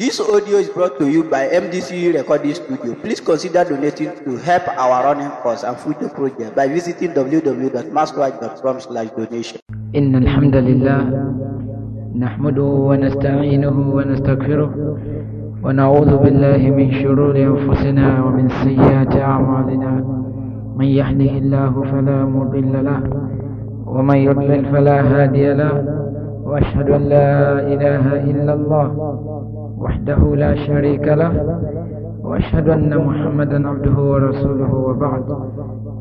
This audio is brought to you by MDCU Recording Studio. Please consider donating to help our running costs and future project by visiting www.maskwatch.com slash donation. إن الحمد لله نحمده ونستعينه ونستغفره ونعوذ بالله من شرور أنفسنا ومن سيئات أعمالنا من يهده الله فلا مضل له ومن يضلل فلا هادي له وأشهد أن لا إله إلا الله وحده لا شريك له وأشهد أن محمدا عبده ورسوله وبعد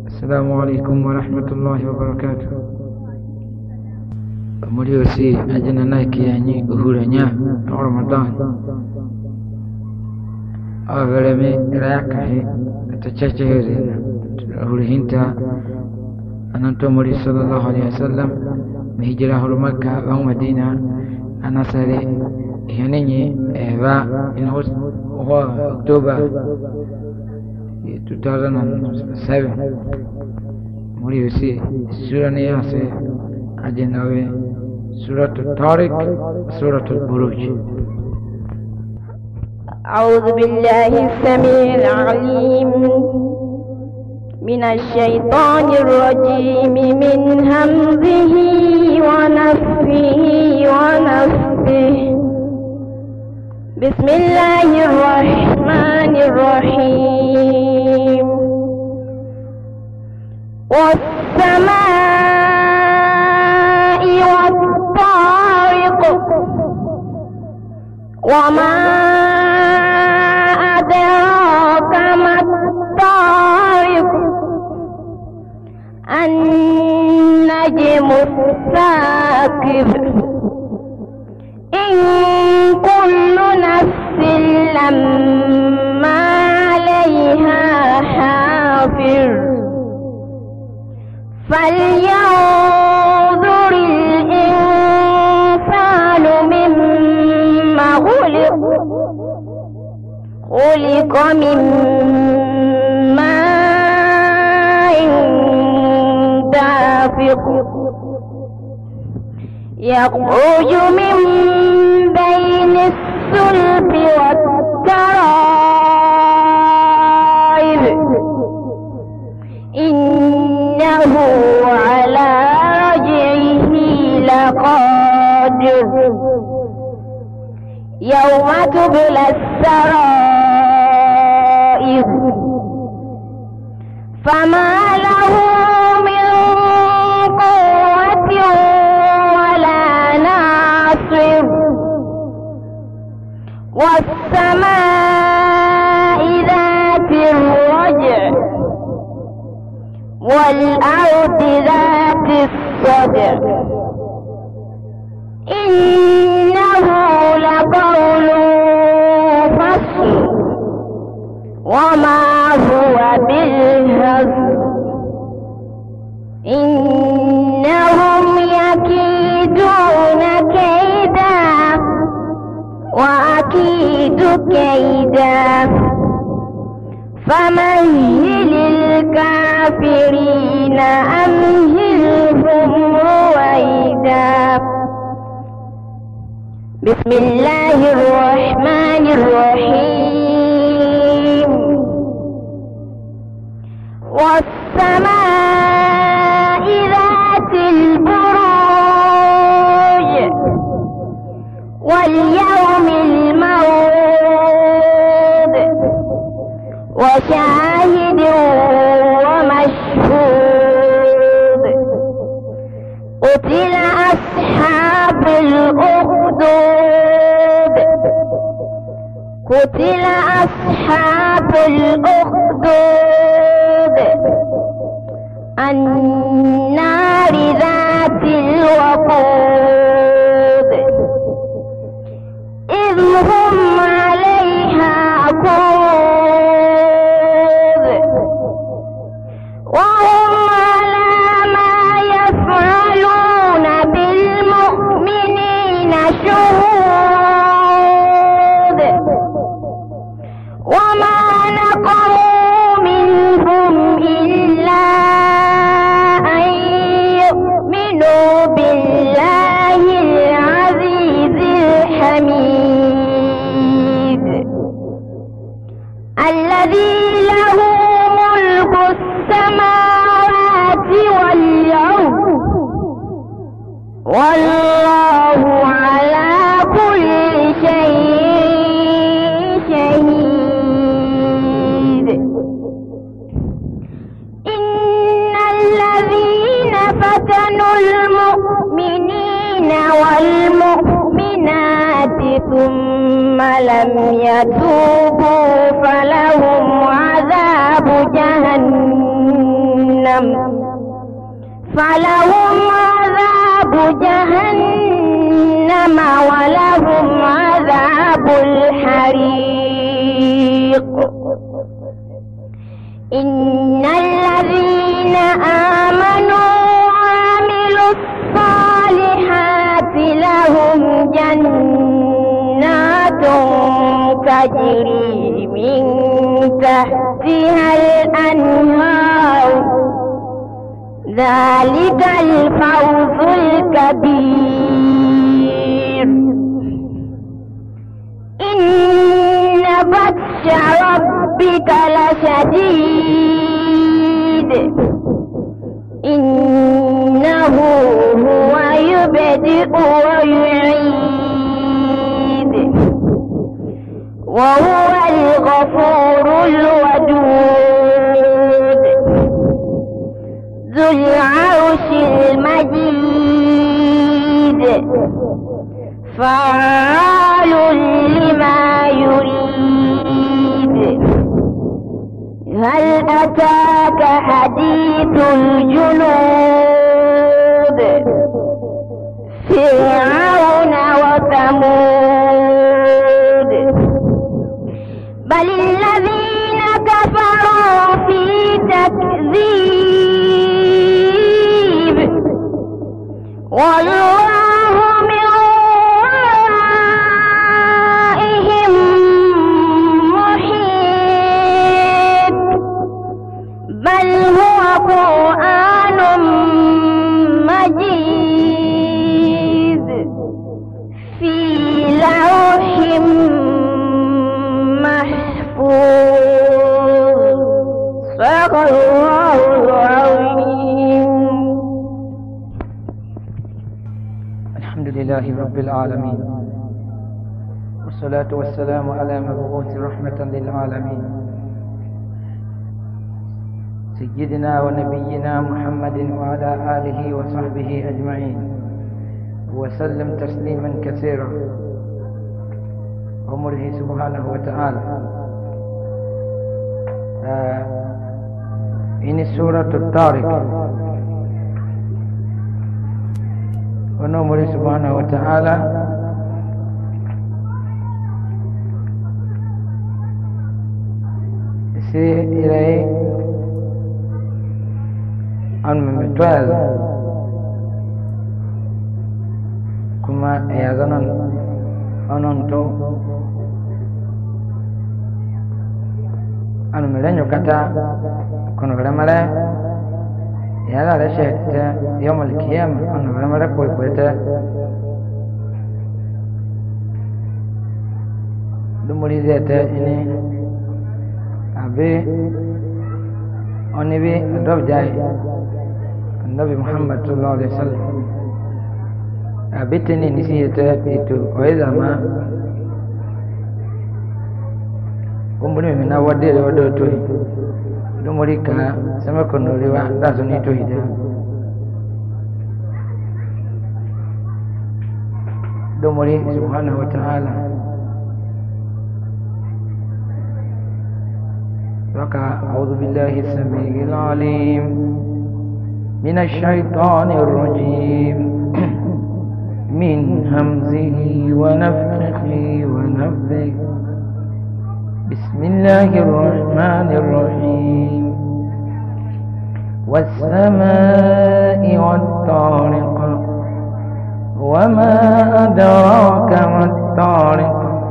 السلام عليكم ورحمة الله وبركاته مريوسي أجنا نايك يعني أهول نيا رمضان أغرمي رأيك هي تتشجه أهول هنتا أن أنتم صلى الله عليه وسلم مهجرة مكة ومدينة أنا سري ihene nye eba in October 2007 muri yusi sura ne yase سورة الطارق سورة البروج أعوذ بالله السميع العليم من الشيطان الرجيم من همزه ونفه ونفه بسم الله الرحمن الرحيم والسماء والطارق وما أدراك ما الطارق النجم الثاقب فلينظر الإنسان مما خلق خلق مما دافق يخرج من بين السلب والتراب الجزء يوم تبلى السرائر فما له من قوة ولا ناصر والسماء ذات الرجع والأرض ذات الصدع إنه لقول فصل وما هو بالهزل إنهم يكيدون كيدا وأكيد كيدا فمهل الكافرين أمهلهم رويدا بسم الله الرحمن الرحيم والسماء ذات البروج واليوم الموعود وشهر قتل أصحاب الأخدود النار ذات الوقود فلهم عذاب جهنم ولهم عذاب الحريق إن الذين آمنوا وعملوا الصالحات لهم جنات تجري من تحتها الأنهار ذلك الفوز الكبير إن بطش ربك لشديد إنه هو يبدئ ويعيد وهو الغفور الودود العرش المجيد فعال لما يريد هل أتاك حديث الجنود فرعون وثمود 加油！العالمين والصلاة والسلام على مبعوث رحمة للعالمين سيدنا ونبينا محمد وعلى آله وصحبه أجمعين وسلم تسليما كثيرا أمره سبحانه وتعالى آه إن سورة الطارق ونمري سبحانه وتعالى سي إلي أن ممتوال كما يظنن أننتو أن ملنيو كتا كن غلمالي يلا رشيت يوم القيامة أنا برمرة كوي كويتا دمولي زيتا إني أبي أني بي الرب جاي النبي محمد صلى الله عليه وسلم أبيتني نسيتا بيتو وإذا ما kumbuni mina wadere wadotoyi dumuri ركع أعوذ بالله السميع العليم من الشيطان الرجيم من همزه ونفخه ونفخه بسم الله الرحمن الرحيم والسماء والطارق وما أدراك ما الطارق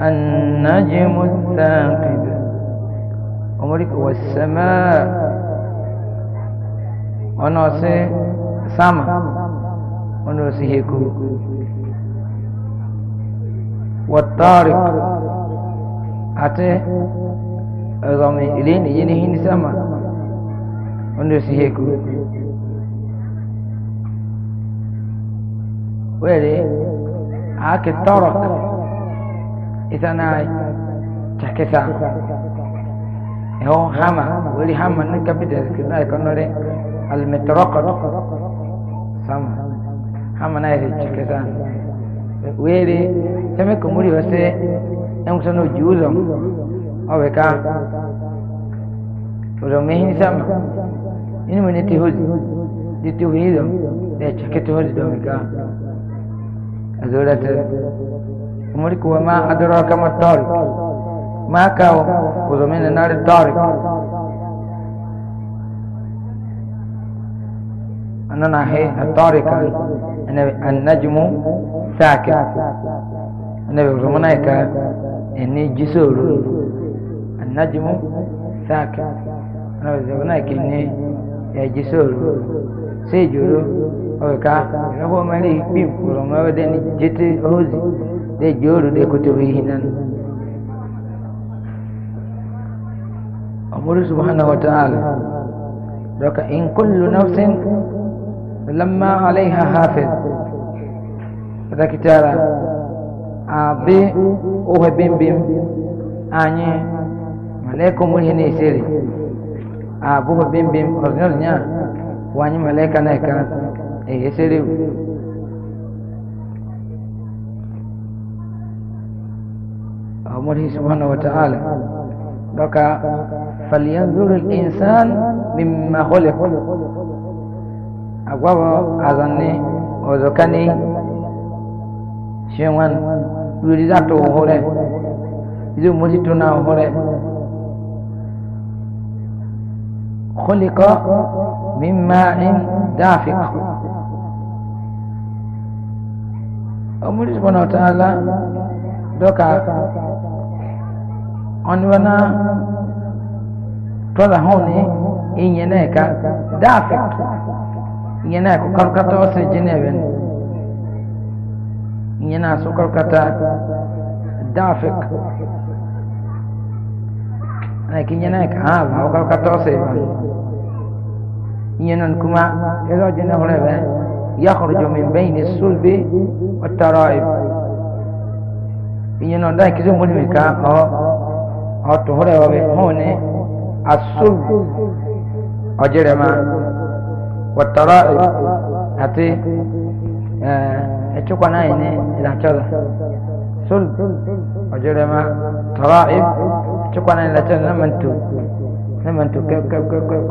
النجم الثاقب أمرك والسماء أنا سما أنا والطارق ate zomi ilini yini hini sama ondo siheku wele ake torok isanai chakesa eho hama weli hama ni kapita kinai konore almetroko sama hama naye chakesa wele seme kumuri ẹnkúsọ náà jù ú zọ ọbẹ ká ọdọ mẹhin sàmà inú mi ní ti hó di ti hó yín zọ ẹ kyekẹ ti hó di dọ mi ká azọra tẹ ọmọdé kò wá má adọrọ kama tọọrì má ká o ọdọ mi nana rí tọọrì. أننا هي الطارقة النجم ساكن النبي رمناك en ni jisoru annajmu saka onaɓesonai kinni e jisoru seijuru oɓe ka nohomari ɓim oromaweɗeni jete hosi ɗe joru ɗe kotowi hinan omuru subhanahu wa taala doka in kullu nafsin lamma alayha hafid ata kitara abi ohe bimbim anyi malaika muri ne sere abu ohe bimbim original nya wanyi malaika na ka eh sere amuri subhanahu wa ta'ala doka falyanzuru al-insan mimma khuliq agwabo azanni ozokani chewan wiriza to hore idu muji to na hore khuliqa min ma'in dafiq amuri subhanahu wa ta'ala doka onwana twala honi inyeneka dafiq inyeneka kakata wasa jineven yana so karkata dafik lakin yana ka ha ba karkata sai ba yana kuma ido jina hore ba يخرج من بين الصلب والترائب yana da kizo mulmi ka o o to hore wa be hone as-sulb ajrama wa tara'ib ati اتشوكو نايني إلى كذا سل وجرما ترائب اتشوكو نايني إلى كذا نمنتو نمنتو كيف كيف كيف كيف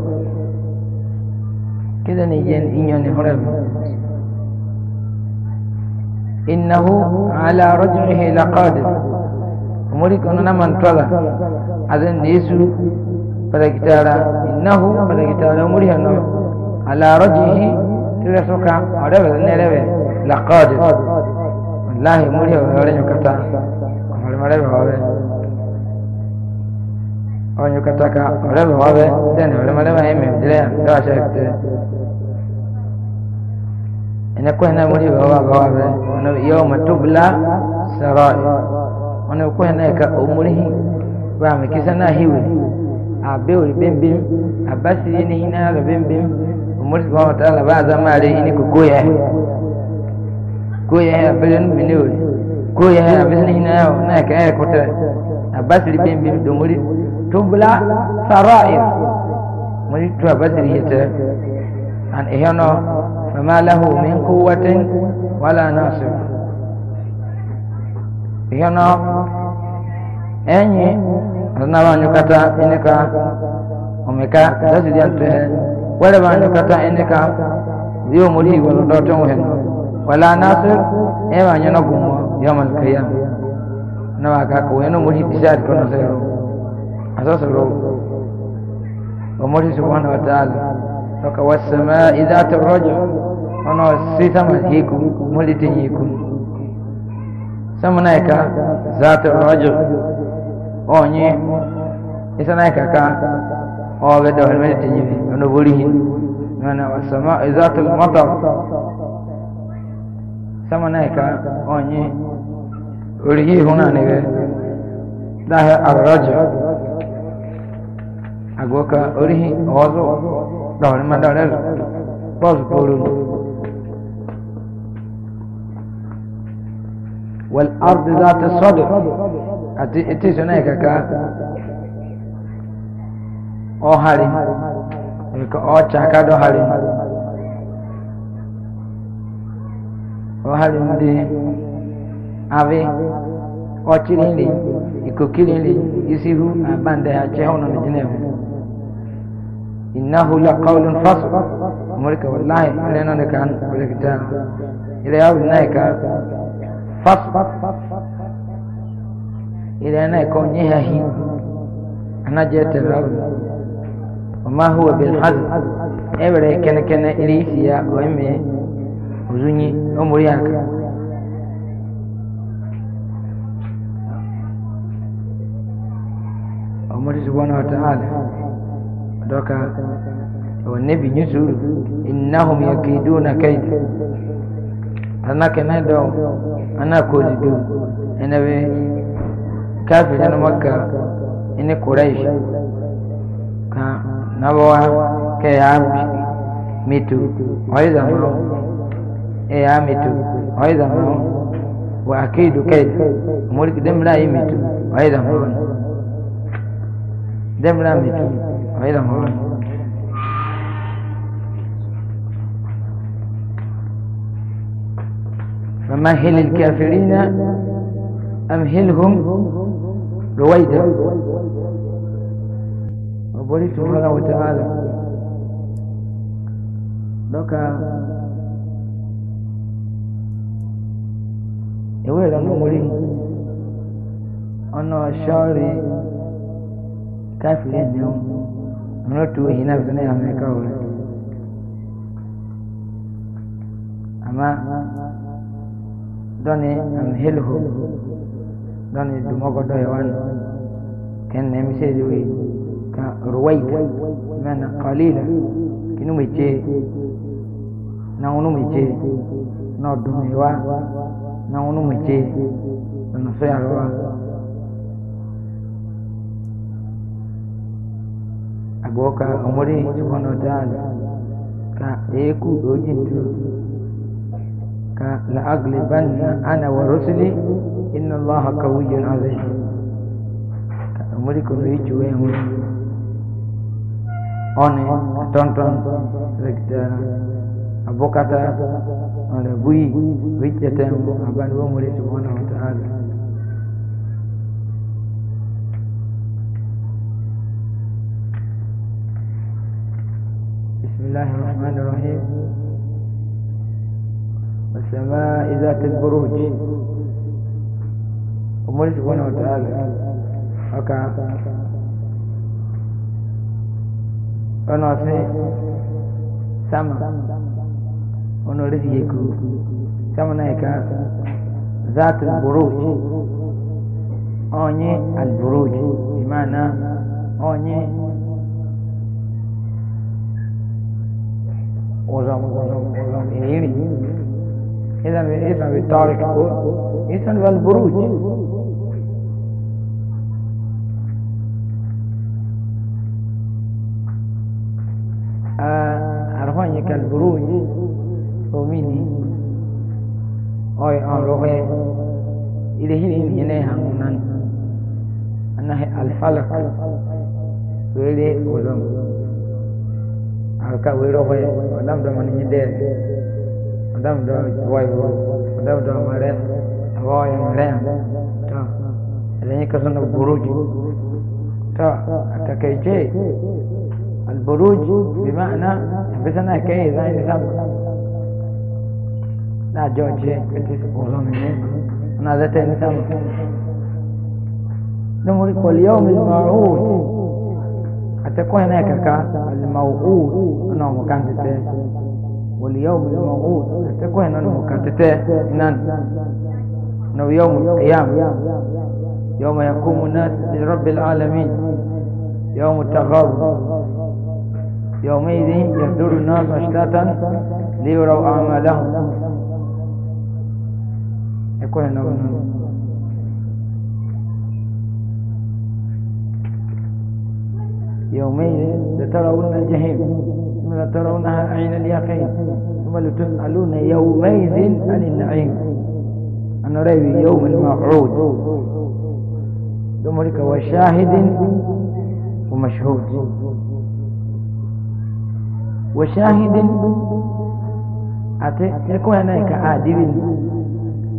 كذا نيجين إنيوني هرم إنه على رجعه لقادر أمريك أننا من طلع أذن يسو فلكتارا إنه فلكتارا أنه على رجعه تلسوكا أربع نربع لقادر والله مولي ويوري يكتا ومولي مولي ويوري ومولي يكتا ومولي ويوري دين ومولي مولي ويوري مدريا دوا شايف تري إن كنا مولي ويوري ويوري أنه يوم تبلى سرائي أنه كنا كأمره وعمل كسنا هيوي أبيوري بيم بيم أباسي ينهينا بيم بيم ومولي سبحانه وتعالى بعد ما عليه إنك كويه goya ya belen minewe goya ya belen hina na ka ya kota abasiri bin bin domori tubla sarair muri to abasiri yata an ihano fama lahu min quwwatin wala nasir ihano enyi na banyukata inika omeka dasiri yanta wala banyukata inika ziyo muri wala dotan wahenu wala nasir ema nyana kuma yaman kiyam na ba ka ko yana muri tisad ko na sayo asasa ro wa muri subhanahu wa ta'ala to ka was sama idza taraja ono si sama hiku muri tin hiku sama na ka zat raja onye isa na ka ka o be do hele tin hiku ono buri na na was sama idza al matar sama na ka onye origi ihunani be daha arraja agoka orihi ozo dawani madare bos bolu wal ard zat sadr ati iti sona ka ka o hari ka o chaka do hari ọhali ndị avị ọchịrị nri ikokiri nri isi hu aba ndị ha chee ọnụ na jinevu innahu la qawlun fasl amurka wallahi ina nan ka an kita ka fasl ko nyi hi ana je ta ma huwa bil hazl ebre kene kene iri siya wa uzunyi omuri aka omuri subhanahu wa ta'ala doka wannabi nyusuru innahum yakiduna kaida anake nado anakozidu enabe kafir na makka ene quraish ka nabawa ke ya mitu waiza mao يا ميتو وأيضا معون وأكيد كيد مولك دم لا يميتو وأيضا معون دم لا ميتو وأيضا معون فمهل الكافرين أمهلهم رويدا وقلت سبحانه وتعالى لك ewera n'omulimu ono shori kafiri enyom onotuhina byona yameka ola ama dɔni amhilho dɔni dumɔgɔdɔ yawani kɛn na emise de wi ka ruwaida mɛna kalila kinu mece na ŋunu mece na ɔdumi wa na wọn mu gye ɛna so yɛ aroa agbawo ka ɔmɔde tukɔ na ɔdaade ka eku oji ntu ka la agli banna ana wa rusuli inna allaha qawiyyun azim ka ɔmɔde kɔ na etu wɛn ho ɔne tɔntɔn rekita abokata. ono buyi wijjatangu abantu b'omuli subhanahu wataala بسم الله الرحمن الرحيم والسماء ذات البروج omuli subhanahu wataala oka ono se sama ونريد riziki ku sama ذات البروج أني البروج بمعنى أني وزم وزم وزم إليني إيه؟ إذا إذا بالتارك إذا آه، البروج أرهني كالبروج Tomini. Oi Allah ini ini ini hangunan. Anak Al Falak. Wele ulam. Alka wele hoi. Adam dah mana ni deh. Adam dah boy boy. Adam dah marah. Boy marah. Ta. Ada ni kerana buruj. Ta. Ata kerja. Al buruj. Bermakna. Bisa Ini sama. la George questi uomini una detenza نمرق اليوم الموعود atakuwa naye kaka almauud ana mukantete walyaum almauud atakuwa nani mukantete nani na yaum alqiyam يوم يقوم الناس لرب العالمين يوم التغاب يومئذ يصدر الناس اشتاتا ليروا اعمالهم يكون يومئذ لترون الجحيم ثم لترونها عين اليقين ثم لتسألون يومئذ عن النعيم أنا رأي يوم الموعود دمرك وشاهد ومشهود وشاهد أتى يكون هناك عادل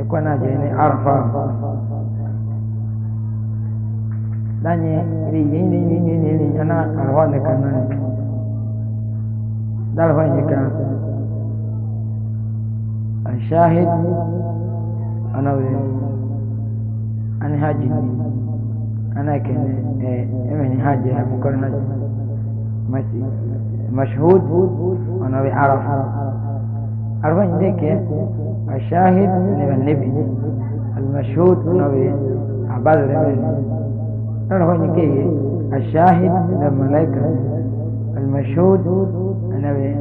ikona jeni arfa danye ri yini yini yini yana arwa ne kana dalfa yika الشاهد أنا أنا هاجني أنا كن إمن هاجي مكان هاجي مشهود أنا بعرف أربعين دقيقة الشاهد من النبي المشهود نبي عباد الرمين أنا هون كي الشاهد من الملائكة المشهود نبي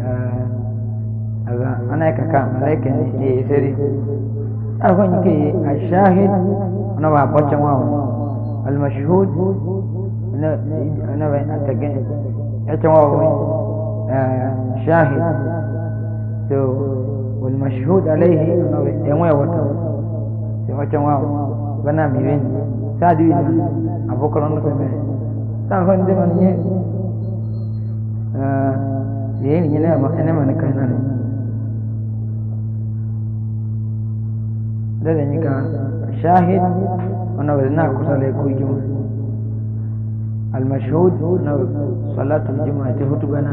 آه، أنا كا ملائكة يسري أنا هون كي الشاهد أنا بحبش المشهود نبي أتجن أتجن شاهد so والمشهود عليه يموي وتر يوم جمعة بنا ميرين سادي أبو كلام نسمع تعرفون ده من يين يين يين أنا أنا من كهنا ده ده نيكا شاهد أنا بدنا كسر لك ويجوم المشهود أنا صلاة الجمعة تهتو بنا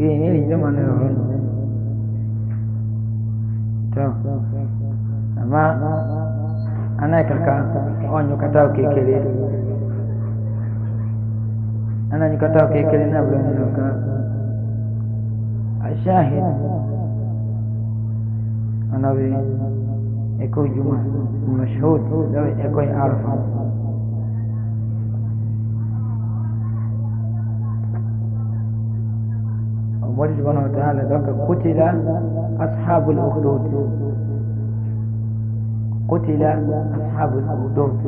ini ini cuma nih to amma ana kaka onyo kata kekele ana ni kata kekele na bulan ka ashahid ana bi eko juma mashhud da eko arfa الله سبحانه وتعالى ذكر قتل أصحاب الأخدود قتل أصحاب الأخدود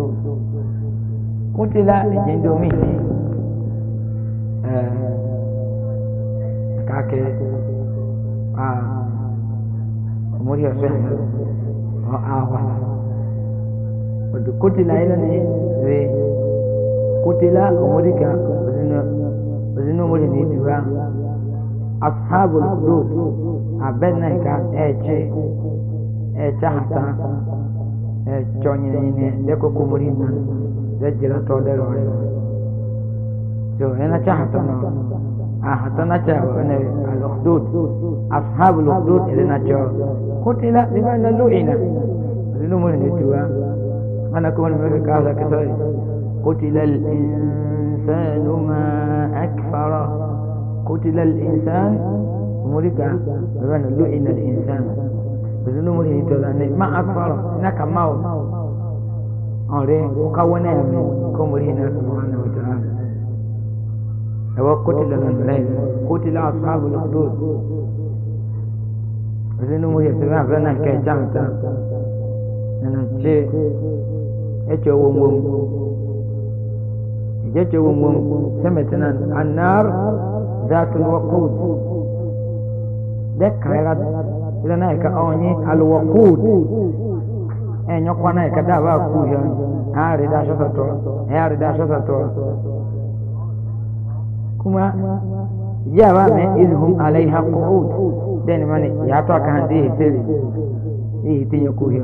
قتل جندومي آه، كاكي آه مريا فهم آه،, آه،, آه قتل إلى إيه؟ إيه؟ قتل أمريكا وزنو مريني نيتوا أصحاب الحدود عبدنا كان أجي أجحتا أجونيين لكو كمرين رجل تولروا تو هنا جحتا أحتنا جاو أنا الأخدود أصحاب الأخدود إلينا جاو قتل لماذا لعنا لنمرن جوا أنا كمان مرك هذا كتير قتل الإنسان ما أكفره قتل الإنسان مريكا بمعنى لعن الإنسان بزنو مريكا تولاني ما أكبر هناك موت أري وكونا يمين كمرينا سبحانه وتعالى هو قتل الملائكة قتل أصحاب الحدود بزنو مريكا تولاني بنا كي جامتا أنا شيء أتوا ومم جت ومم سمتنا النار ذات الوقود ذكر لنايك أوني الوقود أن يقوى نايك دابا كوجا هاري داشة تطور هاري داشة تطور كما جاء من إذ هم عليها قعود دين من يعطاك هذه تلي إيه تنيكوها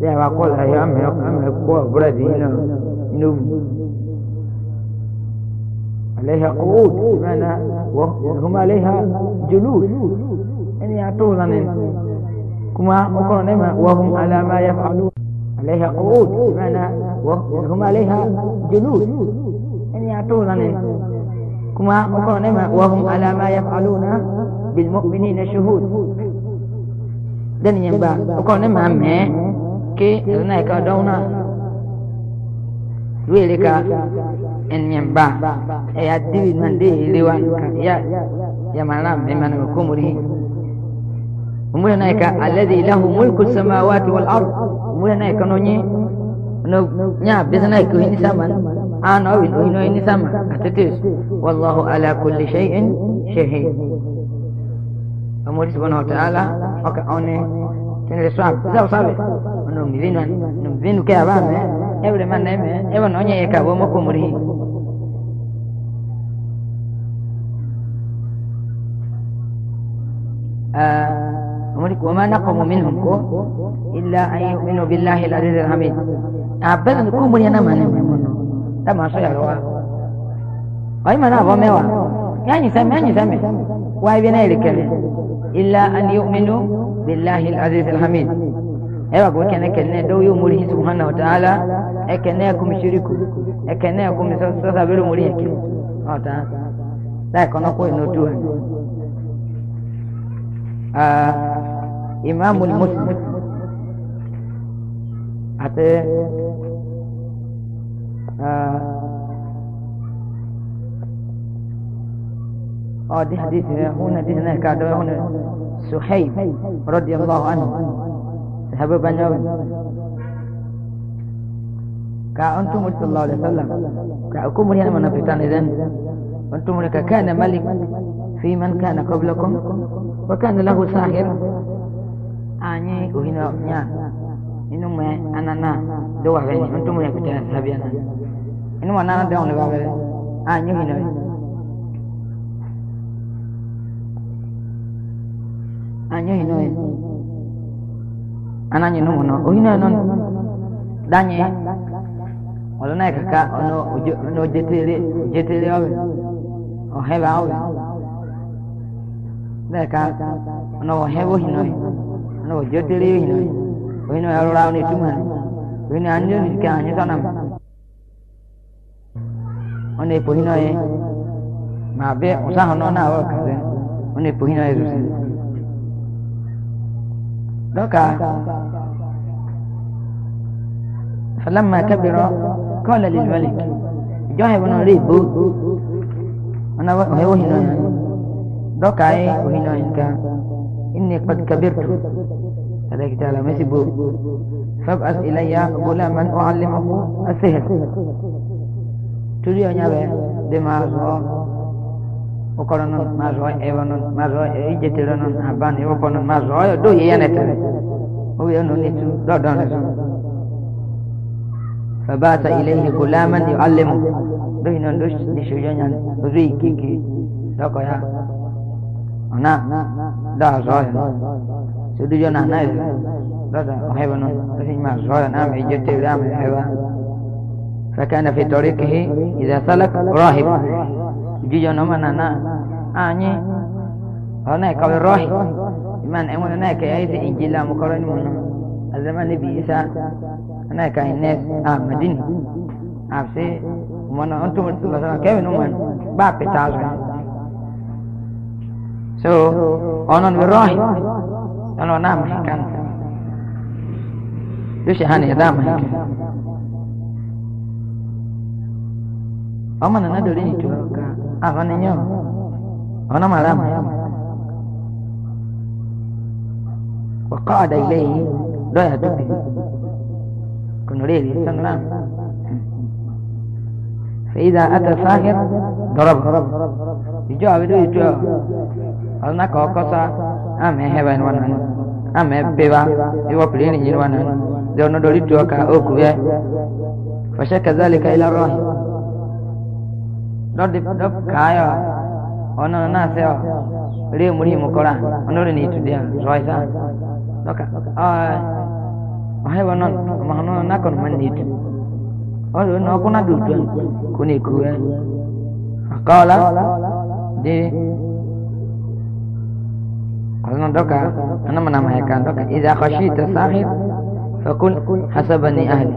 جاء وقال يا أمي أمي قوى بردي إنه عليها قعود بمعنى هم عليها جلوس يعني يعطون كما وقلنا نعم، وهم على ما يفعلون عليها قعود بمعنى هم عليها جلوس يعني يعطون كما وقلنا نعم، وهم على ما يفعلون بالمؤمنين شهود dan yang ba ko ne ma me eh? ke na ان يمبا يا دي من دي ليوان يا يا مالا بمن كومري مولانايكا الذي له ملك السماوات والارض مولانايكا نوني نو نيا بزنايكو هني سامان انا وي نو هني سامان اتتيس والله على كل شيء شهيد امور سبحانه وتعالى اوكي اوني تنرسوا زو سابي ono mvinu ono mvinu ke abame eure man neme ewa nonya eka bomo kumuri umuri kuma naqamu minhum ko illa an yu'minu billahi al-aziz al-hamid abada kumuri na mane mmono tama so ya roa ai mana bomewa yani sema yani sema wa ibina ilikele illa an yu'minu billahi al-aziz al-hamid ewa kuwekene kene do yo muri subhanahu wa ta'ala ekene kumshiriku ekene kumsasa bilo muri yake ota da kono ko no tu ah imam al muslim ate ah اه دي حديث هنا دي هناك هنا سحيب رضي الله عنه sahabat Banjawi. Ka antum sallallahu alaihi wasallam. Ka aku murihan menafikan izan. Antum mereka kana malik fi man kana qablakum wa kana lahu sahir. Anyi uhino nya. Inu me anana do wa gani antum mereka kita sahabiana. Inu anana da on ba Anyi hino. Anyi hino. anh nó nó, này ananye no mono oyina no danye olona kaka ono no jetele jetele obe o heba obe deka ono o hebo hino ono o jetele hino oyino yarora oni tuman oyino anyo ni ka anyo sana ono mà hino ye ma nó osa hono na o kaze ono epo hino rồi. دوكا فلما كبر قال للملك جاه بن ريب انا هو هنا دوكا اي هنا انك اني قد كبرت فذلك تعالى مسبو فابعث الي غلاما اعلمه السحر تريد ان يبقى دماغه وكرنون ما زوي إيفانون ما زوي إيجي تيرانون أبان يوبانون ما زوي دو يهانة ترى هو ينون يتو دادان فبات إليه غلاما يعلمه دو ينون دوش نشوجان يان دوزي كي كي دوكو يا أنا دا زوي سيدو جانا نايف دادا أهيبانون دوشي ما زوي نام إيجي فكان في طريقه إذا سلك راهب Iki yo nama nana anyi. naik kawe roh, Iman emun na ke ayi injila mukoroni mun. Azaman nabi Isa na ka ines a ah, Madin. Afse ah, mana antum sallallahu alaihi wasallam ba petaz. So onon we rohi. Ono na Yo Yushi hani da mahikan. Omana na dulu ni tuka. Ako ninyo. Ako na malam. وقعد إليه لا يهدده كن ليه الإنسان فإذا أتى ساهر ضربه يجوا بدو يجوا أنا كوكسا أم هبان وانا أم بيبا يوا بلين يجوا وانا ذو ندوري توكا أوكو فشك ذلك إلى الراهب nodipdop kayo ono naseo ri muri mukola ono ri dia, roisa doka ah hai wonon mahno nakon manit olo no kuna dudu kuni kuwe qala di, Kalau doka, mana menamakan doka. Iza khashita sahib, fakun hasabani ahli,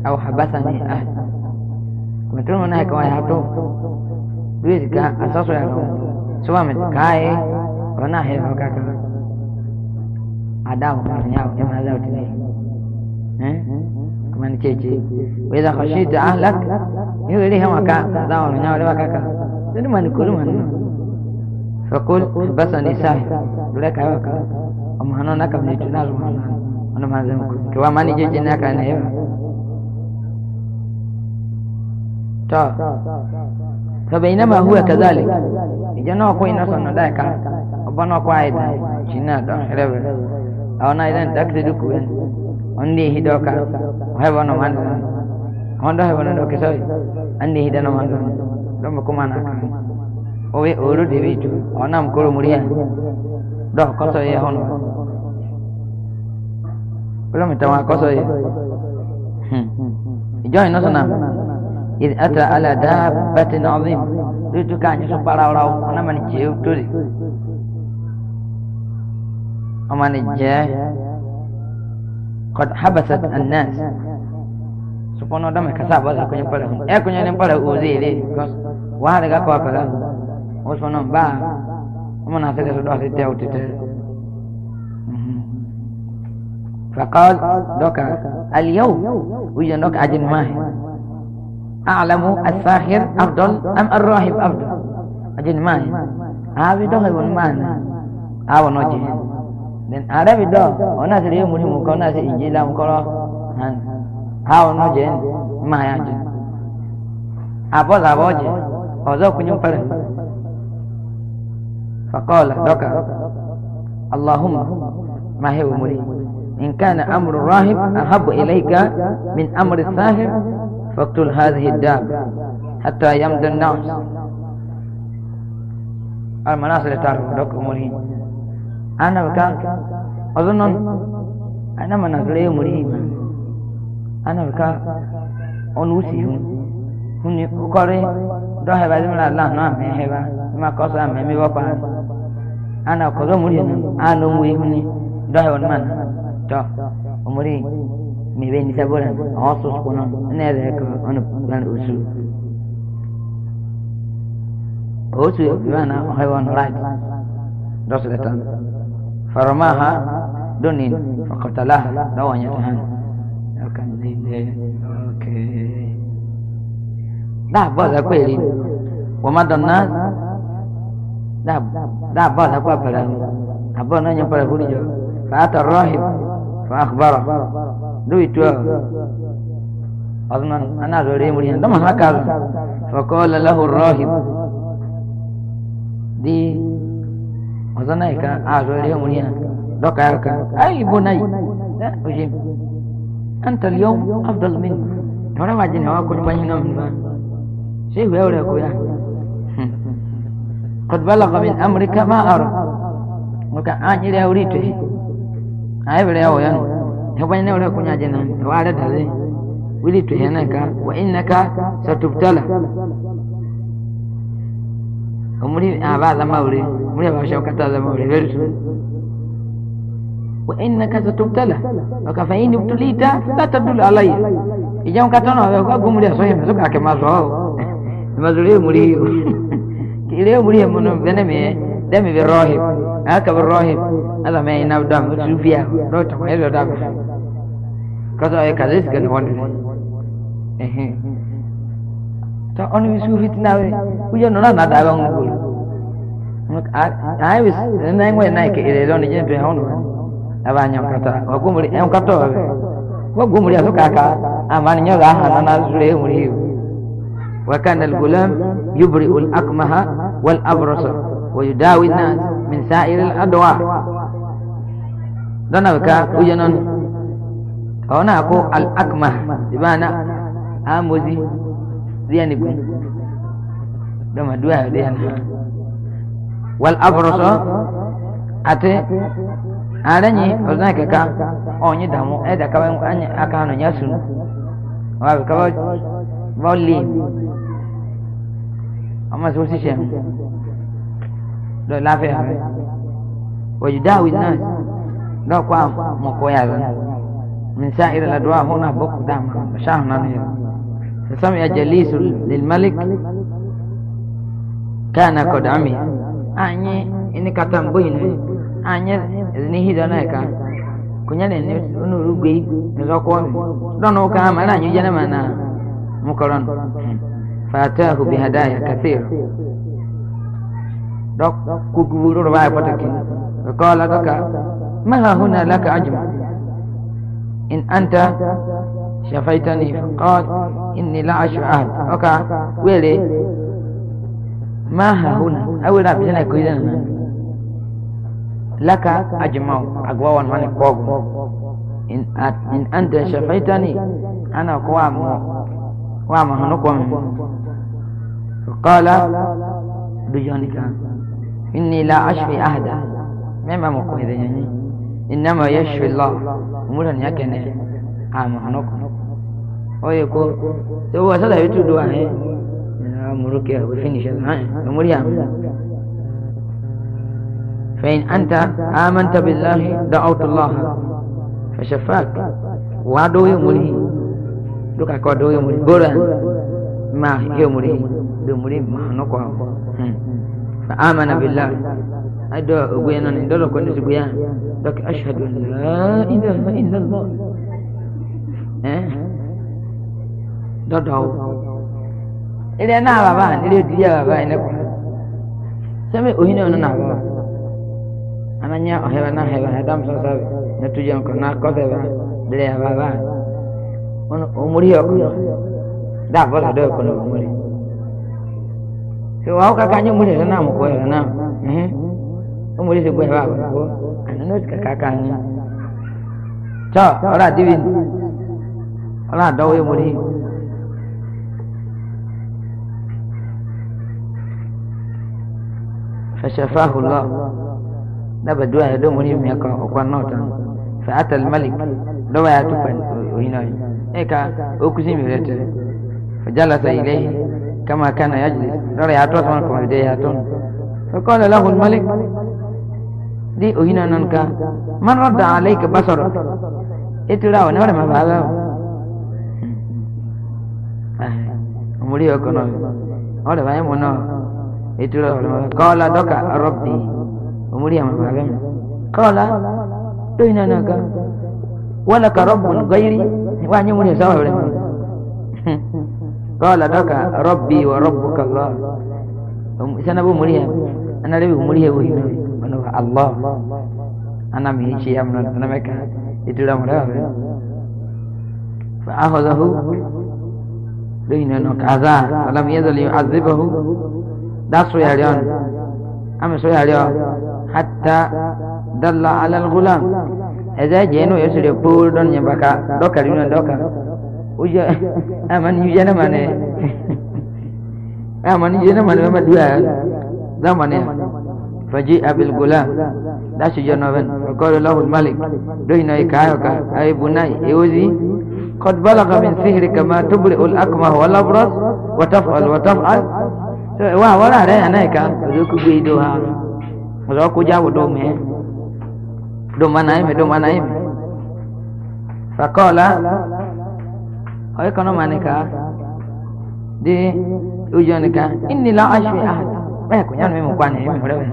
atau habasani ahli. mtu mna kwa hapo rizika asaso ya roho sawa mtakaye wana hela kaka adabu nyao jamaa zao tini eh kama ni cheche weza khashita ahlak hiyo ile hawa ka zao nyao ile kaka ndio mani kuluma ndio fakul basa ni sahi dole kayo ka amhano na kabni tunazo ana manzo kwa mani jeje na kana hewa فبينما هو كذلك جنا كوي ناس انا دايكا بنا كواي دا جنا دا خرب او نا اذا دك دكو عندي هدوكا هاي وانا مان هوندا هاي وانا دوكي سوي عندي هدنا مان لما كمانا owe oro devi tu ona mkoro muria do koso ye hono kula mitawa koso ye إذ أتى على دابة عظيمة ريتو كان يسوب براو راو أنا من جيو تولي أمان جي قد حبست الناس سبحان الله سبحانه كسب هذا كن يبلغ إيه كن يباله أوزي لي وهذا كوا بلا وسبحانه با ومن هذا كسر أو تاو فقال دوكا اليوم ويجي ويجنوك أجن ماهي اعلم الساحر افضل ام الراهب افضل اجن ما هي هاوي دو هاي ما هي هاو نوجه لن عرب دو انا سريو مري مكو ناس انجي لام كرو هاو نوجه ما هي اجن ابو زابو جي اوزو كنيو فره فقال دوكا اللهم ما هي مري ان كان امر الراهب احب اليك من امر الساحر فاقتل هذه الدابة حتى يمضي الناس المناصر اللي تعرفوا لكم مريم أنا بكاك أظن أنا مناصلي مريم أنا بكاك هون هم يقولون دوها بعد من الله نعم هبا ما قصة مي بابا أنا كذا مريم أنا مريم دوها من تا مريم me ven y sabor also spona ne de ko on plan usu oh, usu bana hay wan laj dos letan farmaha dunin faqatalah dawanya tahan akan dinde oke dah bos aku ini wa madanna dah dah bos aku apa lah apa nanya pada bunyi jo kata rahib fa akhbara أنا فقال له الراهب دي أظن هيك آه زوري أي بني أنت اليوم أفضل مني ترى ما جينا واكل بيننا من شيء قد بلغ من أمرك ما أرى وكأني لا أريد أي بلا يا hewan ne wala kunya jina wala tare wili to yanaka wa innaka satubtala umri aba zama wuri umri ba shaukata zama wuri wa innaka satubtala wa kafa in ibtulita la tadul alayya ijan katano wa gumri asoye mesuka ke mazo mazuri muri kile muri mono beneme demi bi rohib aka bi rohib ala me ina da mu sufiya do ta ko elo da ko kaza ay kaza is gan wonde eh ta on mi sufi tinawe uya nona na da ba ngu ai wis na ngwe na ke ile lo ni je to hono abanya kata wa gumuri en kato wa gumuri asoka ka amani nyoga hana na zure muri wa kana al gulam yubri'u al akmaha wal abrasa ويداوي الناس من سائر الأدواء دنا بكا وجنون هنا أكو الأكمه بمعنى آموزي زيانكم دما دواء ديان والأفرس أتي أرني أرنك كا أني دمو إذا كمان أني أكانو يسون وابكا بولي أما سوسي شيء dɔ labɛn mɛ wɔyi daawi naa dɔw kɔ a mɔkɔ yaara minsa iri la dɔw a hɔn a bɔ kudaa ma saa hɔn ya jalisu lil malik kana kɔd ami a ini kata n boyi ne a nye ni hidɔ naa kan kunya ne ne onuru gbe ne lɔkɔ mi dɔnku kan ma na nyu jɛnɛma na mɔkɔrɔn fatahu bihadaya kaseera. dok kuguru ba pataki qala laka ma huna laka ajma in anta shafaitani faqad inni la ash'ad oka wele ma huna awira bijana ko idana laka ajma'u agwawan mani kogu in at in anta shafaitani ana kwa mu wa ma hunu kwa mu qala bijanika إني لا أشفي أهدا ما ما مقوه ذي يعني. إنما يشفي الله مولا يكن عام حنوك أو يكو تو أسد هيتو دعاء مروك يا بفين شاء الله مولي فإن أنت آمنت بالله دعوت الله فشفاك وعدو يومولي دوكا كوا دو يومولي بورا ما يومولي دو مولي ما حنوك وعبو 嗯。Mm. fa amana billah ado ogwe non ndolo ko ndu guya dok ashhadu an la ilaha illa allah eh dodo ile na baba ile diya baba ile ko sami ohine ono na baba ananya ohewa na hewa adam so sabe na tujan ko na ko ba dile baba ono omuri okuno da bola do ko no omuri so wao kaka nyo mure na mu ko na mhm o mure se ko ba ko ana no ka kaka ni cha ora divi ora dawo yo mure فشفاه الله نبى دعاء دوم وليم يقرأ وقال نوتا فأتى الملك دعاء تفن وهنا إيكا أكسي مرتب فجلس إليه كما كان يجلس رأي أتوس من كم يديه فقال له الملك دي أهينا ننكا من رد عليك بصرك اتلاو نور ما بعلاو أمري أه، أكنو أولا بايم ونو اتلاو قال دوكا ربي أمري ما بعلاو قال دوينا ننكا ولك رب غيري وعني مني سوا ولا قال بك ربي وربك الله سنة أبو مريه أنا لبي مريه وهنا أنا الله أنا ميشي أمنا أنا مكا يتولى مريه فأخذه لينه عذاب فلم يزل يعذبه دا سويا ليون أم سويا ليون حتى دل على الغلام إذا جينو يسري قول يبكى دوكا ليون uja aman uja na mane aman uja na mane ma dua da mane faji abil gulam da shi jana ben qala lahu al malik doina ka ka ay bunai ewzi قد بلغ من سحرك ما تبرئ الأكمه والأبرص وتفعل وتفعل wa wala re anaika zoku gbe do ha zo ku jawo do me do mana me do mana me faqala هاي كانوا مانكا دي وجانكا إني لا أشفي أحد ما يكون يعني مين مقانع مين مرة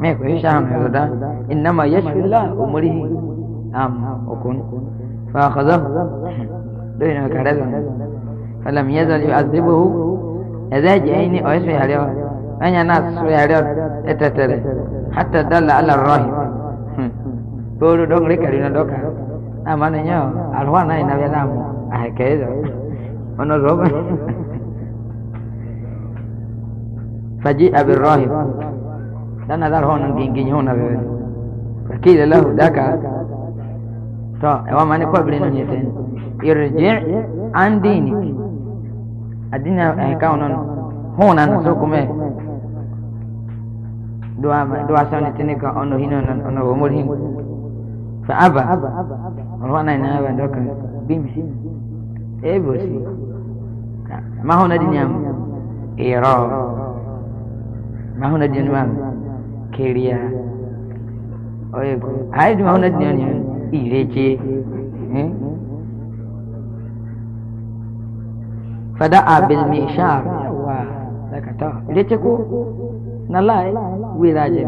ما يكون يشام هذا إنما يشفي الله أمره أم أكون فأخذه دون كارثة فلم يزل يعذبه إذا جاءني أيشفي عليه أنا ناس شوي عليه اتتري حتى دل على الراهب بولو دوغري كارينا دوكا أما نيو أروان أي نبي نامو ai kể rồi mà nó rốt فجيء بالراهب لأن ذا هون جين هون فقيل له ذاك تو وما أنا قبل نيتين ارجع عن دينك الدين كون هون أنا سوكم دعاء دعاء سنة تنك أنه هنا أنه أمور هنا فأبى وانا أنا أبى دوك بيمشي Eh, eh bosi. Mahu nadi nyam. Ero. Eh, mahu nadi nyam. Keria. Oye, ayo tu mahu nadi nyam. Ireje. Eh? Fada abil misha. Wah, tak kata. Ireje ku. Nalai, wira je.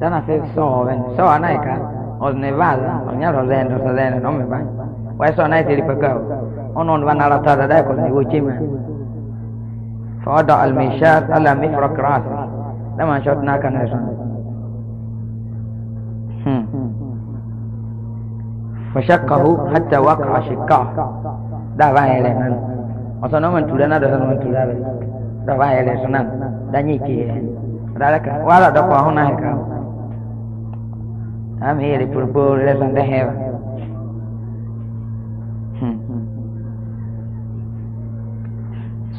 Tanah saya sawan, sawan naikkan. Orang Nevada, orang yang orang Zen, orang Zen, orang Mumbai. Wah, sawan naik dari Pakau. ono ni wana rata da dai kulni wo chima fa wada al mishat ala mifrak ras da man shot na kana sun fa shaqqahu hatta waqa'a shiqqa da ba ele nan wato no man tulana da san man tulana da ba ele sunan da ni ke da ka wala da ko hona ka am here purpose lesson da heva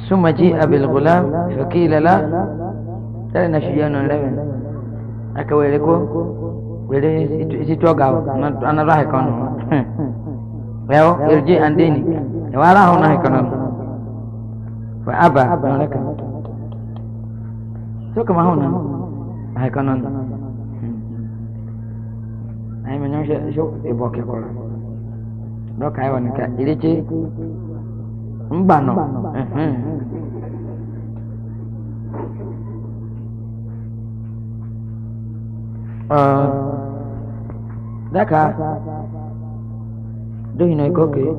ثم جيء بالغلام فقيل لا تلنا شجانا لبن أكويلكو ويلي سيتوغاو أنا راهي كونو لو يرجع عن دينك ولا هنا كونو فأبى ملكا شو كما هنا هاي كونو من يوم شو يبوكي كونو لو كايوانكا إليتي ńgbànà uh, daka dohino ikoke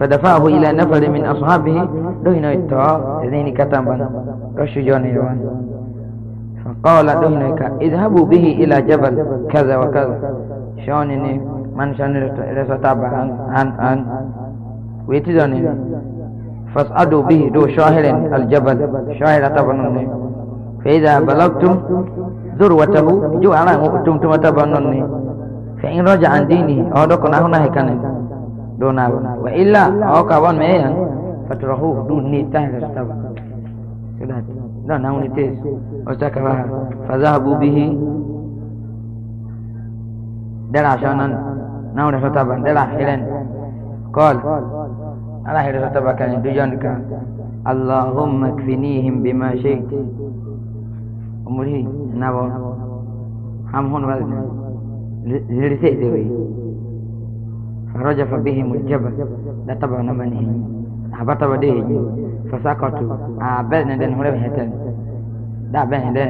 فدفعه إلى نفر من أصحابه دهن التعاء إذن كتبا رشو جوني روان فقال دهن اذهبوا به إلى جبل كذا وكذا شونني من شان رسطاب عن عن عن ويتدوني فاسعدوا به دو شاهر الجبل شاهر تبنني فإذا بلغتم ذروته على مؤتم تبنني فإن رجع عن دينه أو نحن هنا هكذا وإلا أو كوان مئيا فتره دون نيت لا نوني تيس وسكرها فذهبوا به دلع شانا نوني تبع دلع حلن قال আল্লাহ এটা তো বাকানি দুজন اللهم اكفنيهم بما شئت أمري نابو نعم. هم هون وزن زرسي دوي فرجف بهم الجبل لا تبع نمنه هبط وديه فسقطوا آه، عبدنا دن هرب هتن دا بين ده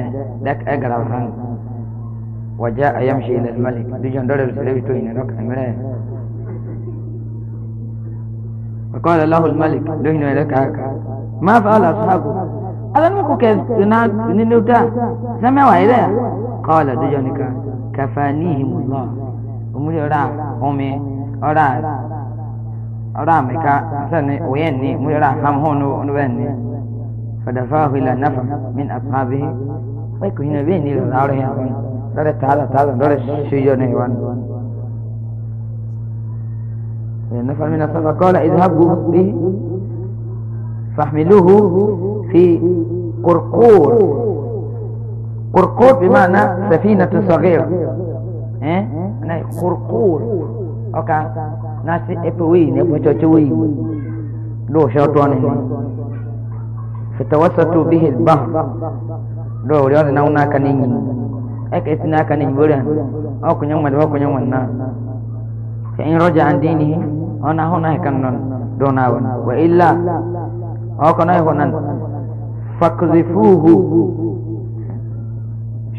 دك أقرب وجاء يمشي إلى الملك دجون دور بسلوي توين ركن ملك فقال له الملك دهن لك هكا ما فعل أصحابه ألم يكن كنات من النوتا سمعوا إليه قال دجانك كفانيهم الله ومولي أرى أمي أرى أرى مكا سنة ويني مولي أرى هم هون ونويني فدفاه إلى نفر من أصحابه ويكو هنا بيني للأرهن درت هذا هذا درت شجوني وانوان نفع من الصفا قال اذهبوا به فاحملوه في قرقور قرقور بمعنى سفينة صغيرة eh na kurkur oka na si epuwi ne pocho chuwi e do shotone fitawassatu bihi al-bahr do uriona na una kaninyi eka itina kaninyi bora au kunyamwa do kunyamwa na فإن رجع عن دينه هنا هنا كنن دوناون وإلا أو كنا هنا فقذفوه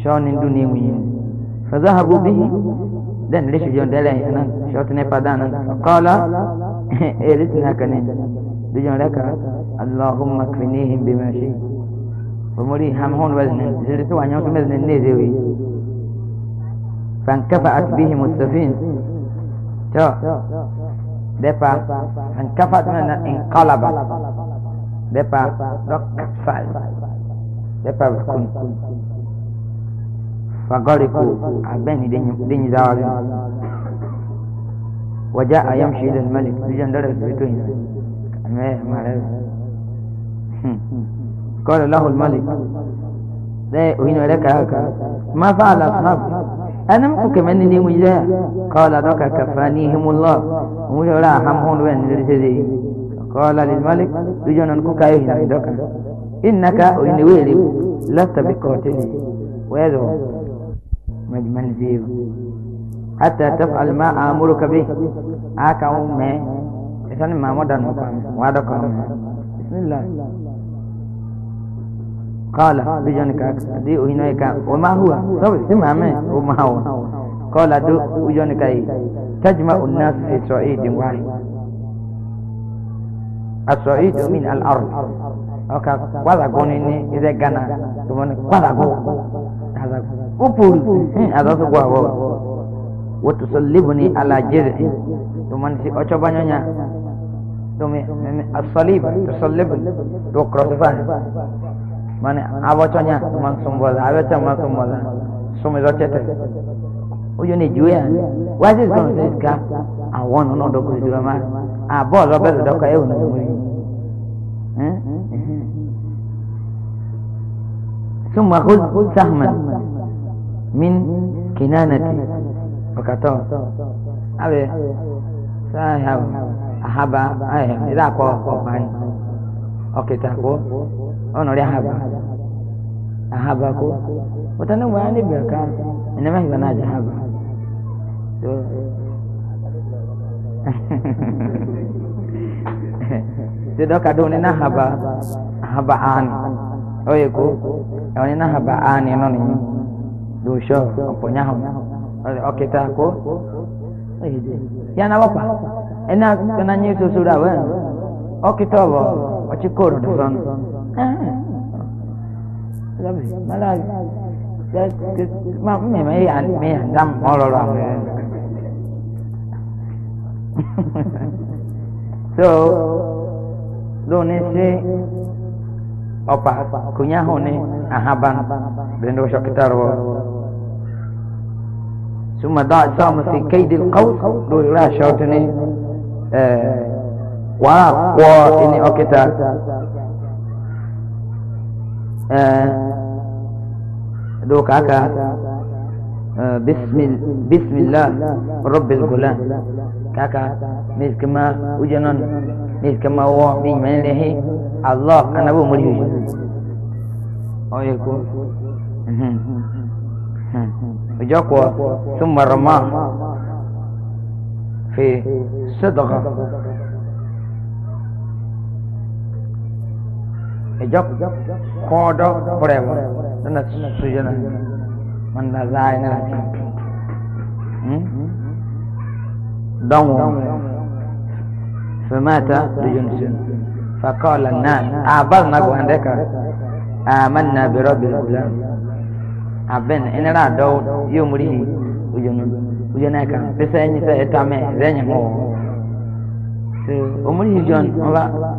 شون الدنيا مين فذهبوا به dan ليش جون دلاه أنا شوت نبادان قال إيرتنا كني دجون لك اللهم اكفنيهم بما شئت ومري هم هون وزنين زرتوا عن يوم وزن النيزوي فانكفأت بهم السفينة to depa ang kafat na na inqalaba depa dok kapsal depa kun fagariku abeni denyi zawali وجاء يمشي إلى الملك بجن درس بيتوين قال له الملك ده وين لك هكا ما فعل أصحابك أنا ما كمان إني مجدا قال ذاك كفانيهم الله مجرا هم هون وين نرسدي قال للملك رجعنا نكون كايه ذاك إنك وين ويلي لست بقاتلي ويدعو مجمل زيب حتى تفعل ما آمرك به هكا أمي إذا ما مدن وادك وعدك بسم الله قال بجانك أكسدي وهناك وما هو طب سمع وما هو قال دو بجانك أي تجمع الناس في صعيد واحد الصعيد من الأرض أوكا ولا قونيني إذا كان تمون ولا قو هذا أبوري إيه، هذا سقوا هو وتصلبني على جذعي تمون سي أشبانيا تمي الصليب تصلبني وقرصفان মানে আবচনা মাংসম বলে আবেচা মাংসম বলে সময় রচেতে ওই জন্য জুয়ে ওয়াজ ইজ গন দিস গা আর ওয়ান অন অন ডকু দিবা মা আ বল রবে ডকা এউ না মুরি হ্যাঁ ثم خذ سهما من كنانتي فكتو أبي ساهم أحبا أيه إذا أكو أكو فاين أوكي تحكو ono le haba nah, haba ko watanan wa ne berka inama hiba na haba to ti do kadu ne na haba oh, iya, oh, nah haba an oh, oye ko oni ya, na haba an no ni do sho oponya ho okita ko yana wapa ena kana nyi susura wa okitobo ochikoro dozon ลยมาเลยจะจะมาไม่ไม่อันไม่อันดำพอเราลองเลย so ดูนี่สิโอปะคุณย่าคนนี้อาฮับันเป็นรสชาติตารวาซึ่งมาได้สามสิ่งคือดิลกอสดูแลชาตินี้เอ่อว่าว่าอินิโอเคตา آه، دوك عكا آه، بسم بسم الله رب الغلام كاكا ميز كما وجنون ميز كما هو ميز من له الله انا ابو مريو او يكون وجاكوا ثم رماه في صدقه jok kodo prem dana sujana manda lai na hm dong famata dijunsin faqala nan abal na gwandeka amanna bi rabbil alam aben inara do yumri ujunu ujuna ka pesa ni sa etame renyo se omuri jon ola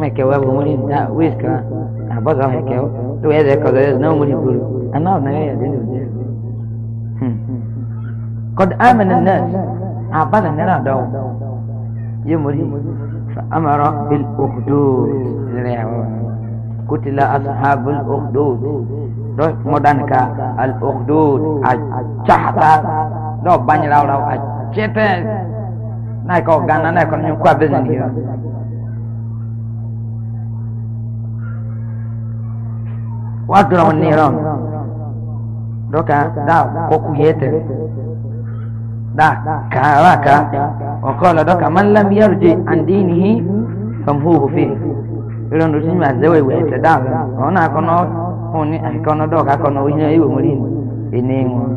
ما كواب غمولي دا ويس كا أحباط راح يكاو لو هذا كذا نو مولي بلو أنا أبنا غاية دين قد آمن الناس أعبانا نرى دو يمولي فأمر بالأخدود قتل أصحاب الأخدود دوش مدان كا الأخدود أجحتا دو باني لاو لاو أجحتا نايكو غانا نايكو نيو كوا بزن هيو واكره النيران دوكا دا كوكو يتر دا كاراكا وقال دوكا من لم يرجع عن دينه فمهوه فيه يقولون رسول ما زوي ويتدام هنا كنا هوني كنا دوكا كنا وهنا يو مرين إنهم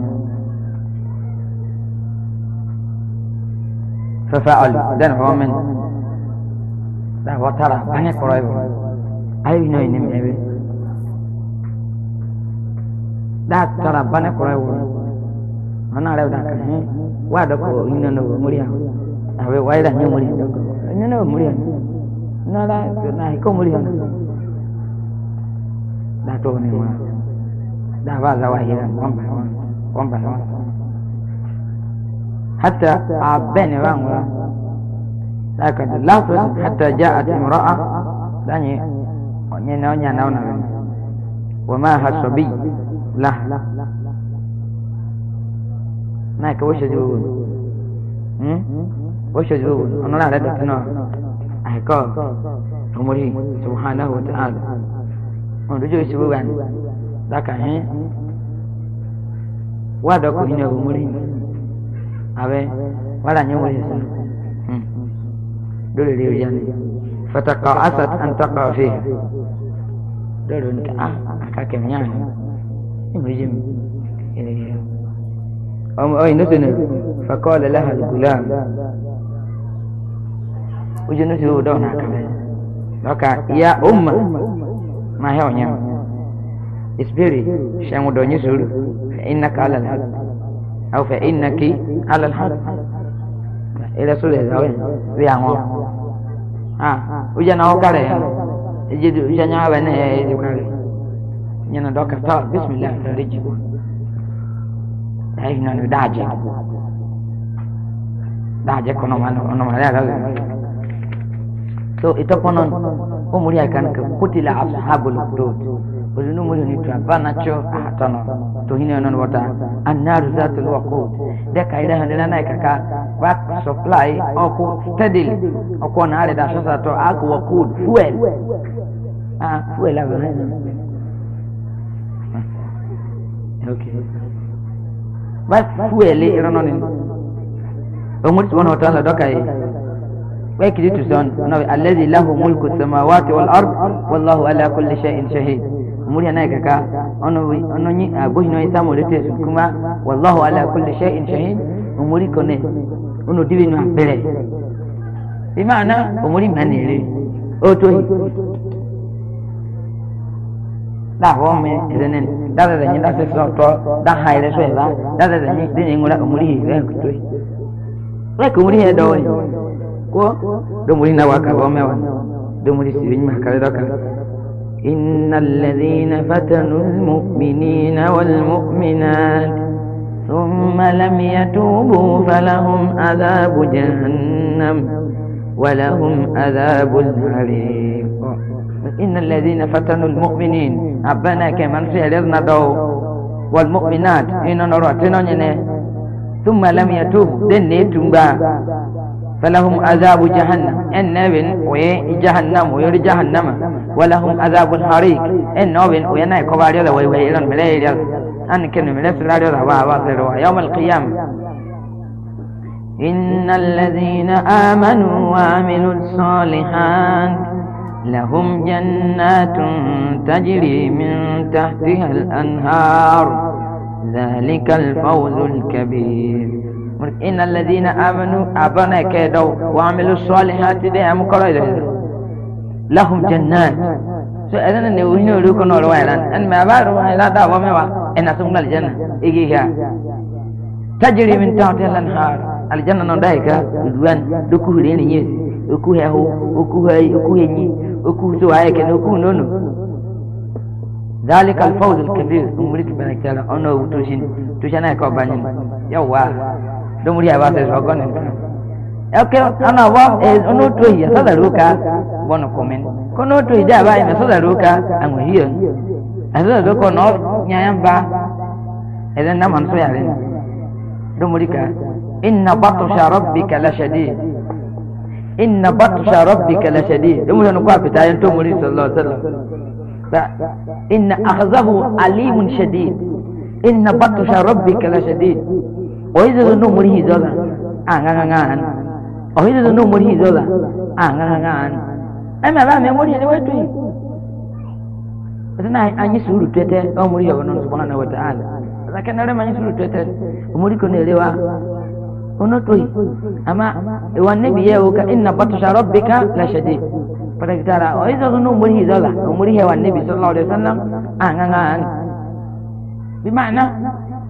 ففعل دن هو من لا وترى أنا قريب أي نوع من أبي data rabbana qurawo ana le da ka he wa do ko inna no muri ha abe wa ida nyu muri do ko inna no muri ha na la na ko muri ha da to ne ma da ba za wa hira kon ba kon ba hatta abene wa ngwa لكن لا حتى جاءت امرأة دعني ونينا ونينا ونينا ومعها صبي له ماك وش يقول وش يقول أنا لا لا تكنا أحكام عمره سبحانه وتعالى ونرجو يسبوا عن يعني. ذاك يعني، هين وهذا كلنا عمره أبي ولا نعمره يعني دول اللي يجاني فتقاعست أن تقع فيها دول أنت آه kakeknya Ibrahim ini Om oi nutun faqala laha al-gulam Ujun nutu do na kame Maka ya umma ma hawnya Isbiri shangu do nyusul innaka ala al-haq au fa innaki ala al-haq Ila sule zawe bi anwa Ah ujan awkare Ejidu ujan awane ejidu kare yanaondoka sawa, bismillah, mriji hivi nani daje daje kono mano ono mala so ito kono kan akan kutila ashabul hudud ulinu muri ni trapa nacho atano to hine onon wata annar zatul waqud de kaida handela na kaka back supply oko steadily oko na ale da sasa to aku waqud fuel ah fuel ago bas fuele irononin umur subhanahu wa ta'ala doka yi wa yakritu son nabi allazi lahu mulku samawati wal ard wallahu ala kulli shay'in shahid umur yana kaka ono ono ni agohi no isamu rete su wallahu ala kulli shay'in shahid umuri kone ono dibi no bere bi ma'ana umuri manere o tohi da ho me izenen da da nyi da se so to da ha ile so ba da da nyi de nyi ngula umuri hi re ku tui re ku umuri he do ni ko do muri na wa ka ba me wa do muri si nyi ma ka da ka إن الذين فتنوا المؤمنين والمؤمنات ثم لم يتوبوا فلهم عذاب جهنم ولهم عذاب الحريق إن الذين فتنوا المؤمنين أبنا كمن في دو والمؤمنات إن نراتنا ينه ثم لم يتوب دني تنبا فلهم عذاب جهنم النبن وي جهنم وير جهنم ولهم عذاب الحريق النبن وي ناي كبار يلا وي وي لن أن كن ملاي سلاري ربا يوم القيامة إن الذين آمنوا وعملوا الصالحات لهم جنات تجري من تحتها الأنهار ذلك الفوز الكبير إن الذين آمنوا أبنا كيدو وعملوا الصالحات دي أمكرا لهم جنات سألنا نوهنا نور وعلان أن ما بار وعلا دعوة موا إن سمنا الجنة إيجيها تجري من تحتها الأنهار الجنة ندائك دوان دكوه لين يسي oku hehu oku hei oku henyi oku so ayeke na oku nono ذلك الفوز الكبير أمريك بنك تلا أنا وتوشين توشنا يكو بانين يا وا دمري أبا تسوقون أوكي أنا وا أنا توي هذا روكا بنو كمين كنو توي ده أبا إن هذا روكا أمو هيون هذا روكا نور نيام با إذا نام أنسو يعلن دمريكا إن بطش ربك لشديد inna batsha rabbika la shadid dum ne kwa fita yan to muri sallallahu alaihi wasallam inna akhzahu alimun shadid inna batsha rabbika la shadid o izo no muri hizola anga anga an o izo no muri hizola anga anga an ama ba me muri ne wetu tana anyi suru tete o muri ya wono subhanahu wa ta'ala lakini ale manyi suru tete muri ko ne lewa ono toyi amma wanne biye o ka inna batsha rabbika la shadid para gitara o oh, izo no muri zola muri he wanne bi sallallahu alaihi wasallam an ah, an an bi ma'ana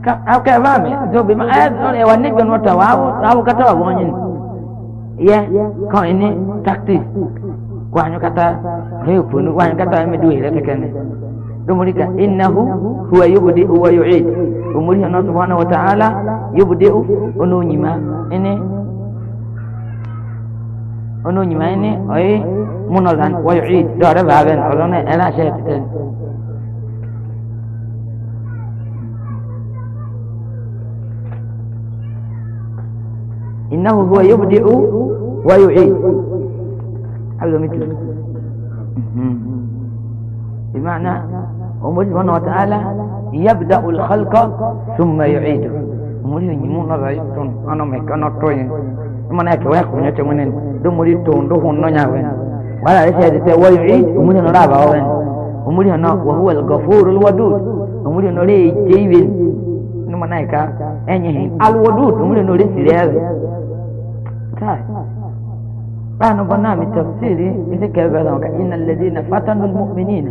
ka ka ba me do bi ma'ana eh, e wanne bi no tawawo tawo kata wa gonin ye ko ini taktis wanyu kata he punu wanyu kata me duwe le tekene dumurika innahu huwa yubdi'u wa yu'id umuri hana subhanahu wa ta'ala yubdi'u onunyima ene onunyima ene oyi munolan wa yu'id dore baben olone ela shaytan innahu huwa yubdi'u wa yu'id abdo mitlu بمعنى ومولي سبحانه وتعالى يبدأ الخلق ثم يعيده ومولي نجمونا بعيدتون أنا مكانا طوين ثم نأكي ويأكل نجمونا دمولي دم تون دهون نجاوين ولا لسي هذا ويعيد ومولي نرابع وين ومولي هنا وهو الغفور الودود ومولي نريد جيبين ثم نأكي أنيهين الودود ومولي نريد سيريال أنا بنامي تفسيري إذا كيف إن الذين فتنوا المؤمنين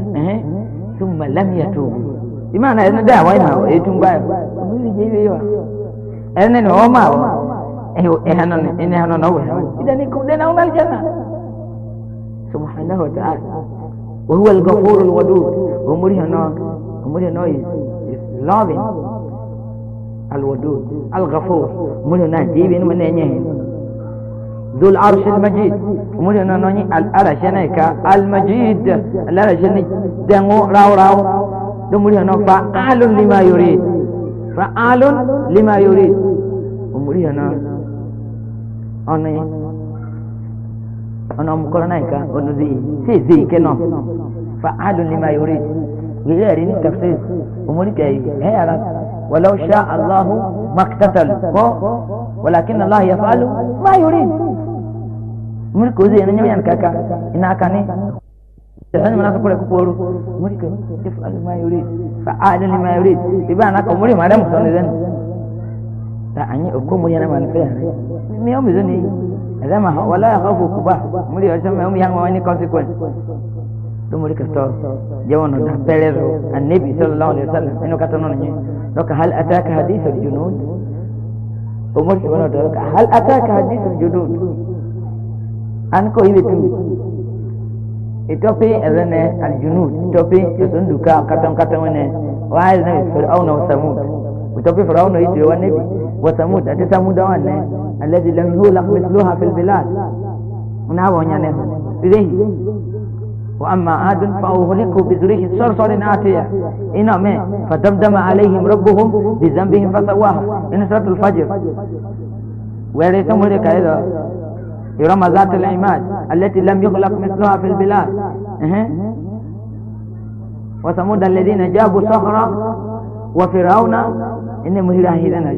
ثم لم يتوبوا بمعنى أن دعوة هنا يتوب بعد مين يجيبه يوا أنا نوما إيه هنا إيه هنا نوه إذا نكون لنا هنا الجنة سبحانه وتعالى وهو الغفور الودود ومري هنا ومري هنا loving الودود الغفور مري هنا جيبين من ينين ذو العرش المجيد ومولي نوني الأرش نيكا المجيد الأرش ني دمو راو راو دمولي نو فعال لما يريد فعال لما يريد ومولي نو أني أنا مكرا نيكا ونزي سي زي كنو فعال لما يريد غير تفسير ومولي كاي هي على ولو شاء الله ما اقتتل ولكن الله يفعل ما يريد muri ko zai nan yan kaka ina ka ne da sanin mana kula ku koru muri ka ifal ma yuri fa'ala lima yuri bi ba na ka muri ma da mu sanin zan da anyi ko muri na man fa me yau mi zani zama wala ya khafu kuba muri ya san mu yan wani consequence to muri ka to jawon da perero annabi sallallahu alaihi wasallam ino ka tonon ne doka hal ataka hadithul junud umar subhanahu wa ta'ala hal ataka hadithul junud أن كويتو إتوبي أذن الجنود إتوبي يسندوكا كتم كتم ونه وعايز نبي فرعون وثمود إتوبي فرعون يتوى ونبي وثمود أتي ثمود ونه الذي لم يولق مثلها في البلاد ونعب ونعنه إذن وأما عاد فأهلكوا بذريه صرصر آتية إن أمين فدمدم عليهم ربهم بذنبهم فسواهم إن سرط الفجر ويريتم هذا إرم ذات العماد التي لم يخلق مثلها في البلاد إيه؟ وثمود الذين جابوا صخرة وفرعون إن مهلاهذنا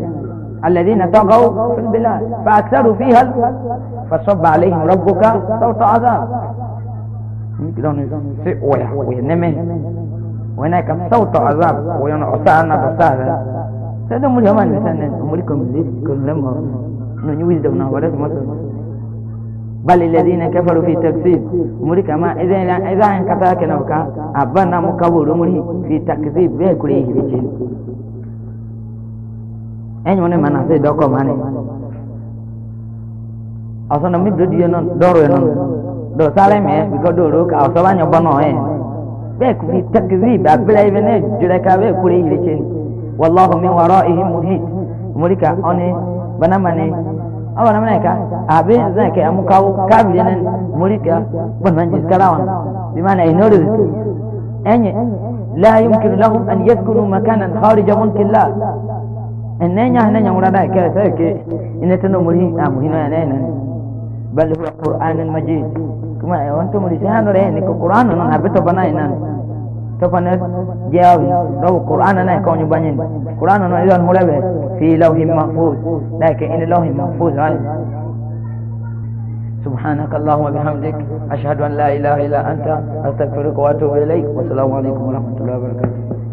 الذين طغوا في البلاد فأكثروا فيها فصب عليهم ربك صوت عذاب هناك صوت عذاب وينعسانا بسهلا سيدنا مليمان لسانا أمريكم زيت كل لما نجوز دونا ولازم بل الذين كفروا في تكذيب مري كما اذا اذا ان كتا كنوكا ابانا مكبر مري في تكذيب به كليه بيجين en woni mana se doko mane asana mi do diyo non doro non do sale me bi ko doro ka so ba nyoba no e be ku fi takzib abla ibne jure ka be kure yire chen wallahu min waraihim muhit mulika oni bana mane awa na mana ka abin zai kai mu kawo kabile nan murika ban man jiskarawan bi mana inore enye la yumkinu lahum an yadhkuru makanan kharija mulki Allah enenya hananya murada ke sai ke ina tano muri a muhino ya nan bal huwa qur'anul majid kuma wanto muri sai hanore ne ko qur'anun abito bana nan tofane jawi do qur'ana na ko nyu banyin qur'ana no idan murebe fi lawhin mahfuz lakin in lawhin mahfuz ali سبحانك اللهم وبحمدك أشهد أن لا إله إلا أنت أستغفرك وأتوب إليك والسلام عليكم ورحمة الله وبركاته